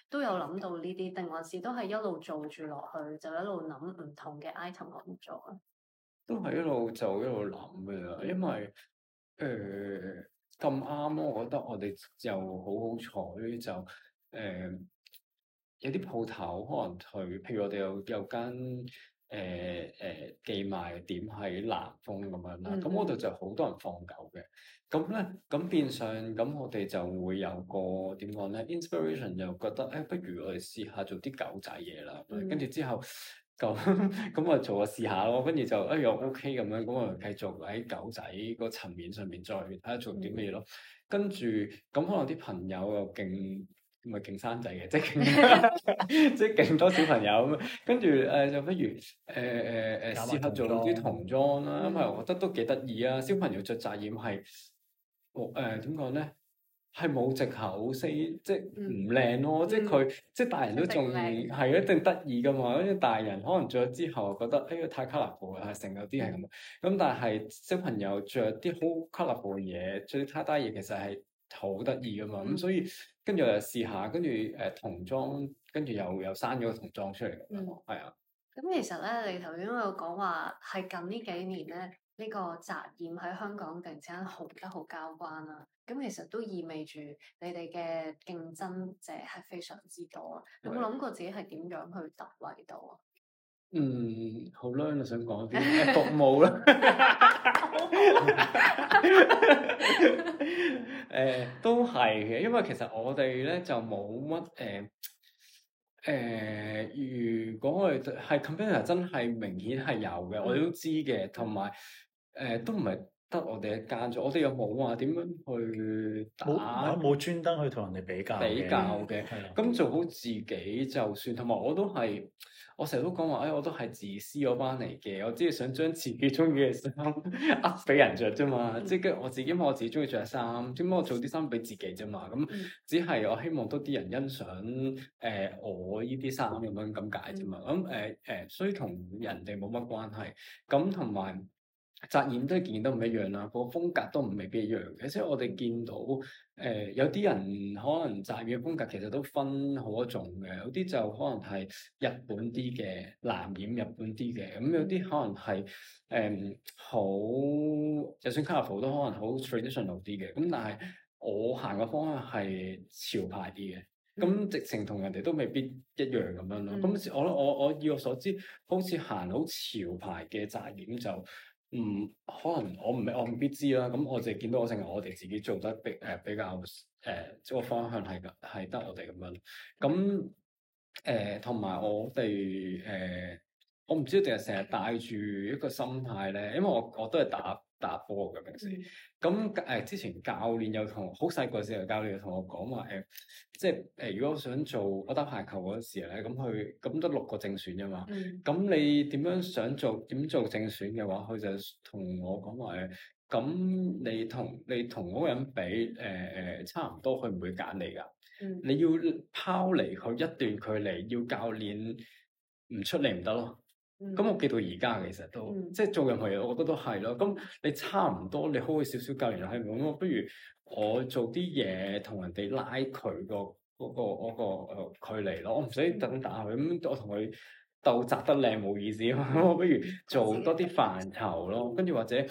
都有諗到呢啲。定還是都係一路做住落去，就一路諗唔同嘅 item 可唔做啊？都係一路做一路諗嘅，因為誒。呃咁啱咯，我覺得我哋就好好彩，就誒、呃、有啲鋪頭可能佢，譬如我哋有有間誒誒寄賣點喺南豐咁樣啦，咁、mm hmm. 嗰度就好多人放狗嘅，咁咧咁變相咁我哋就會有個點講咧，inspiration 就覺得誒、哎，不如我哋試下做啲狗仔嘢啦，跟住、mm hmm. 之後。咁咁啊， 做啊試下咯，跟住就一樣 OK 咁樣，咁啊繼續喺狗仔個層面上面再睇下做啲乜嘢咯。跟住咁可能啲朋友又勁，咪勁生仔嘅，即係 即係勁多小朋友咁。跟住誒，就不如誒誒誒，試、呃、下做啲童裝啦，因為我覺得都幾得意啊。小朋友着紮染係，我誒點講咧？係冇藉口，先、嗯、即係唔靚咯，嗯、即係佢即係大人都仲係一定得意噶嘛。跟住、嗯、大人可能着咗之後覺得，哎、欸、呀太 colourful 啦成嗰啲係咁。咁但係小朋友着啲好 colourful 嘅嘢，著啲 tie dye 嘢其實係好得意噶嘛。咁、嗯、所以跟住又試下，跟住誒、呃、童裝，跟住又又生咗個童裝出嚟。嗯，係啊的。咁、嗯、其實咧，你頭先有講話係近呢幾年咧，呢個紮染喺香港突然之間紅得好交關啦。咁其實都意味住你哋嘅競爭者係非常之多，你的有冇諗過自己係點樣去突圍到啊？嗯，好啦，我想講啲 服務啦，誒，都係嘅，因為其實我哋咧就冇乜誒誒，如果係係 competition 真係明顯係有嘅，我哋、呃、都知嘅，同埋誒都唔係。得我哋一間咗，我哋又冇話點樣去打，我冇專登去同人哋比較比較嘅。咁係做好自己就算，同埋我都係，我成日都講話，哎，我都係自私嗰班嚟嘅。我只係想將自己中意嘅衫呃俾人着啫嘛。 即係我自己，我自己中意着衫，點解我做啲衫俾自己啫嘛？咁只係我希望多啲人欣賞誒、呃、我呢啲衫咁樣咁解啫嘛。咁誒誒，所以同人哋冇乜關係。咁同埋。紮染都見都唔一樣啦，個風格都唔未必一樣嘅，即係我哋見到誒、呃、有啲人可能紮染嘅風格其實都分好多種嘅，有啲就可能係日本啲嘅藍染，日本啲嘅，咁、嗯、有啲可能係誒好，就、呃、算 colorful 都可能好 traditional 啲嘅，咁但係我行嘅方向係潮牌啲嘅，咁、嗯、直情同人哋都未必一樣咁樣咯，咁、嗯、我、嗯、我我，我以我所知，好似行好潮牌嘅紮染就。唔、嗯、可能我，我唔我未必知啦。咁我淨係見到，我淨係我哋自己做得誒比、呃、比較誒，即係個方向係係得我哋咁樣。咁誒，同、呃、埋我哋誒、呃，我唔知定係成日帶住一個心態咧，因為我我都係打。打波嘅平時，咁誒、嗯呃，之前教練有同好細個時候，教練有同我講話，誒、呃，即係誒、呃，如果我想做，我打排球嗰時咧，咁佢咁得六個正選咋嘛，咁、嗯、你點樣想做點做正選嘅話，佢就同我講話，誒、呃，咁你同你同嗰個人比，誒、呃、誒，差唔多，佢唔會揀你噶，你要拋離佢一段距離，要教練唔出嚟唔得咯。咁、嗯、我記到而家其實都、嗯、即係做任何嘢，我覺得都係咯。咁、嗯、你差唔多，你開少少教完又係咁，我不如我做啲嘢同人哋拉佢、嗰個、嗰個、嗰個誒、嗰個嗰個、距離咯。我唔使等打佢咁，我同佢鬥扎得靚冇意思啊。我不如做多啲範疇咯，跟住或者誒誒、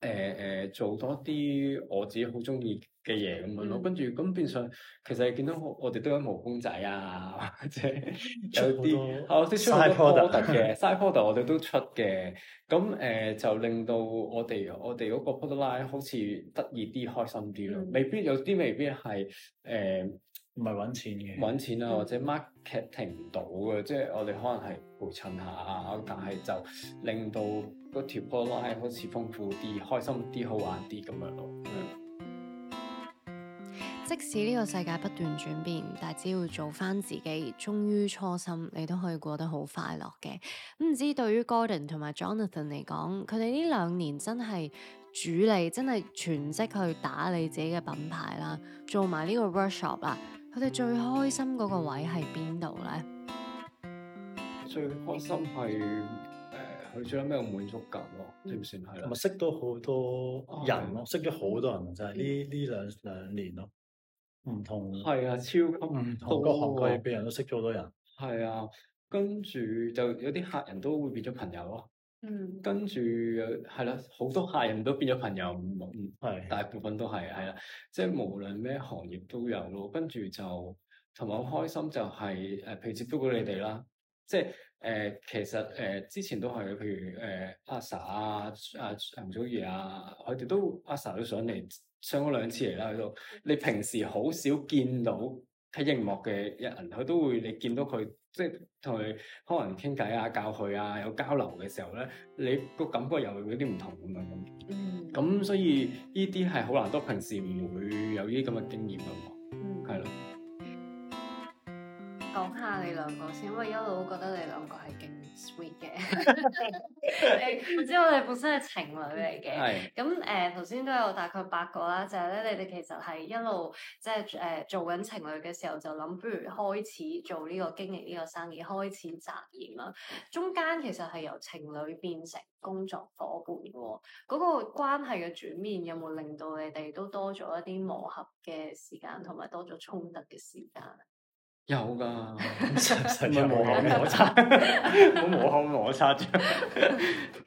呃呃、做多啲我自己好中意。嘅嘢咁樣咯，跟住咁變相其實見到我哋都有毛公仔啊，或者有啲係我啲出好多 product 嘅 side product 我哋都出嘅，咁誒就令到我哋我哋嗰個 product line 好似得意啲、開心啲咯，未必有啲未必係誒唔係揾錢嘅，揾錢啊或者 marketing 唔到嘅，即係我哋可能係陪襯下啊，但係就令到嗰條 product line 好似豐富啲、開心啲、好玩啲咁樣咯。即使呢個世界不斷轉變，但只要做翻自己，忠於初心，你都可以過得好快樂嘅。咁唔知對於 Gordon 同埋 Jonathan 嚟講，佢哋呢兩年真係主力，真係全職去打理自己嘅品牌啦，做埋呢個 workshop 啦。佢哋最開心嗰個位係邊度呢？最開心係誒，佢、呃、最有咩滿足感咯，算唔算先？同埋、嗯、了識到好多人咯，啊、識咗好多人就係呢呢兩兩年咯。唔同，係啊 forgetting，'t it 超級唔同各行各業嘅人都識咗好多人。係啊，跟住就有啲客人都會變咗朋友咯。嗯、mm.，跟住係啦，好多客人都變咗朋友，嗯，係大部分都係，係啦，即係、mm. 無論咩行業都有咯。跟住就同埋好開心、就是，就係誒，譬如接觸到你哋啦，即係誒，其實誒之前都係譬如誒阿 sa 啊、阿陳祖兒啊，佢哋都阿 sa 都想嚟。上咗兩次嚟啦，喺度。你平時好少見到睇熒幕嘅人，佢都會你見到佢，即係同佢可能傾偈啊、教佢啊、有交流嘅時候咧，你個感覺又會有啲唔同咁樣咁。咁所以呢啲係好難，都平時唔會有呢啲咁嘅經驗嘅喎。係咯。你兩個先，因為一路都覺得你兩個係勁 sweet 嘅。唔知 我哋本身係情侶嚟嘅，咁誒頭先都有大概八個啦，就係、是、咧你哋其實係一路即係誒做緊情侶嘅時候，就諗不如開始做呢個經營呢個生意，開始紮染啦。中間其實係由情侶變成工作伙伴嘅喎、哦，嗰、那個關係嘅轉變，有冇令到你哋都多咗一啲磨合嘅時間，同埋多咗衝突嘅時間？有噶，唔係磨合摩擦，好磨合摩擦啫，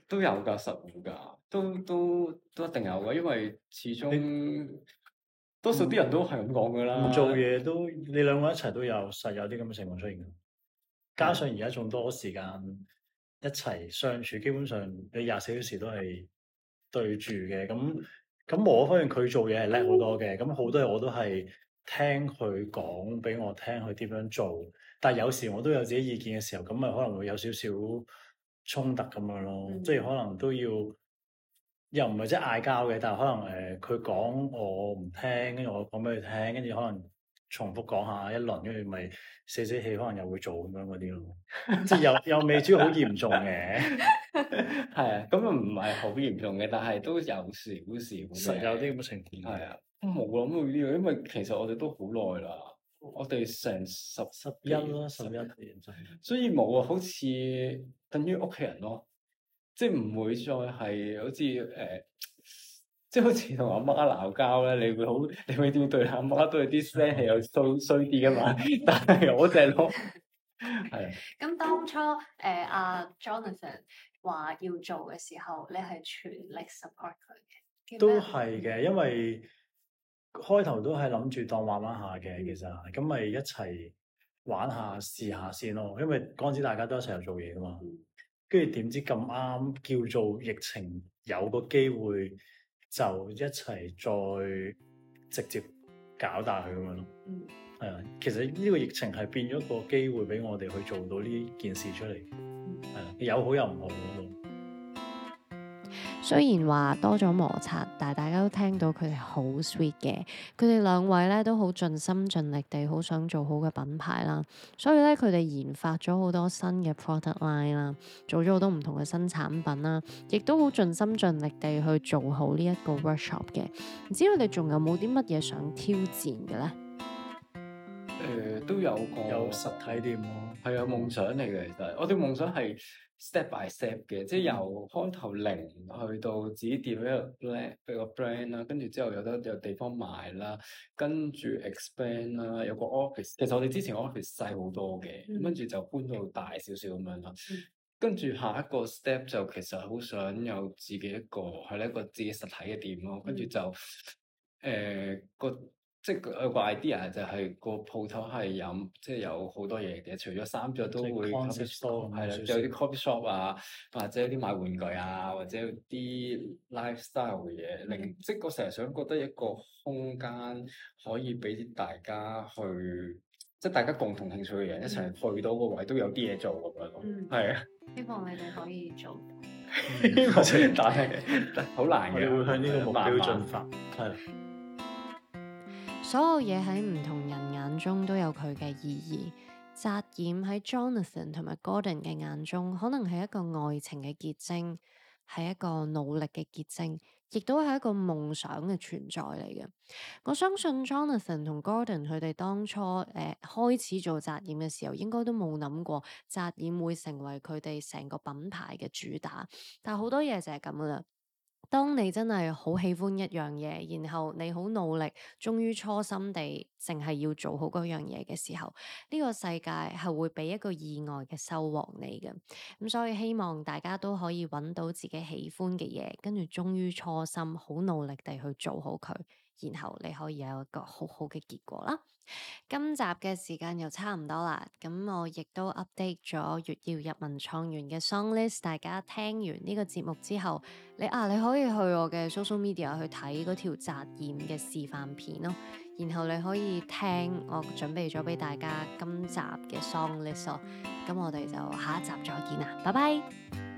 都有噶，實有噶， 都都都一定有嘅，因為始終你多數啲人都係咁講噶啦。唔做嘢都你兩個一齊都有實有啲咁嘅情況出現，加上而家仲多時間一齊相處，基本上你廿四小時都係對住嘅，咁咁無可否認，佢做嘢係叻好多嘅，咁好多嘢我都係。聽佢講俾我聽，佢點樣做？但係有時我都有自己意見嘅時候，咁咪可能會有少少衝突咁樣咯。嗯、即係可能都要，又唔係即係嗌交嘅，但係可能誒，佢講我唔聽，跟住我講俾佢聽，跟住可能重複講下一輪，跟住咪死死氣，可能又會做咁樣嗰啲咯。即係又又未至於好嚴重嘅，係啊。咁又唔係好嚴重嘅，但係都有少少，有啲咁嘅情況。係啊。冇諗到呢、這個，因為其實我哋都好耐啦，哦、我哋成十十，一、十一年，所以冇啊，好似等於屋企人咯、嗯呃，即係唔會再係好似誒，即係好似同阿媽鬧交咧，你會好，你會點對阿媽都有啲聲係有衰衰啲噶嘛，但係我只咯係。咁當初誒阿 Jonathan 話要做嘅時候，你係全力 support 佢嘅。都係嘅，因為。開頭都係諗住當玩玩下嘅，其實咁咪一齊玩下試下先咯。因為嗰時大家都一齊做嘢噶嘛，跟住點知咁啱叫做疫情有個機會就一齊再直接搞大佢咁樣咯。係啊，其實呢個疫情係變咗個機會俾我哋去做到呢件事出嚟，係有好有唔好咯。雖然話多咗摩擦，但係大家都聽到佢哋好 sweet 嘅。佢哋兩位咧都好盡心盡力地好想做好嘅品牌啦，所以咧佢哋研發咗好多新嘅 product line 啦，做咗好多唔同嘅新產品啦，亦都好盡心盡力地去做好呢一個 workshop 嘅。唔知佢哋仲有冇啲乜嘢想挑戰嘅咧？呃，都有個有實體店咯，係啊，有夢想嚟嘅，其實我哋夢想係。step by step 嘅，即係由開頭零去到自己店一個 plan 俾個 brand 啦，跟住之後有得有地方賣啦，跟住 expand 啦，有個 office。其實我哋之前 office 細好多嘅，跟住就搬到大少少咁樣啦。跟住下一個 step 就其實好想有自己一個係一個自己實體嘅店咯，跟住就誒、呃、個。即係個 idea 就係個鋪頭係有即係有好多嘢嘅，除咗衫著都會係啦，有啲 coffee shop 啊，或者啲買玩具啊，或者啲 lifestyle 嘅嘢。令、嗯、即係我成日想覺得一個空間可以俾大家去，即係大家共同興趣嘅人一齊去到個位都有啲嘢做咁樣咯。係、嗯、啊，希望你哋可以做到。希望但係好難嘅、啊，我哋會向呢個目標進發。係慢慢。嗯。所有嘢喺唔同人眼中都有佢嘅意義。紮染喺 Jonathan 同埋 Gordon 嘅眼中，可能係一個愛情嘅結晶，係一個努力嘅結晶，亦都係一個夢想嘅存在嚟嘅。我相信 Jonathan 同 Gordon 佢哋當初誒、呃、開始做紮染嘅時候，應該都冇諗過紮染會成為佢哋成個品牌嘅主打。但好多嘢就係咁啦。當你真係好喜歡一樣嘢，然後你好努力，忠於初心地，淨係要做好嗰樣嘢嘅時候，呢、這個世界係會俾一個意外嘅收穫你嘅。咁、嗯、所以希望大家都可以揾到自己喜歡嘅嘢，跟住忠於初心，好努力地去做好佢。然後你可以有一個好好嘅結果啦。今集嘅時間又差唔多啦，咁我亦都 update 咗越要入文創園嘅 song list。大家聽完呢個節目之後，你啊你可以去我嘅 social media 去睇嗰條紮染嘅示範片咯。然後你可以聽我準備咗俾大家今集嘅 song list。咁我哋就下一集再見啦！拜拜。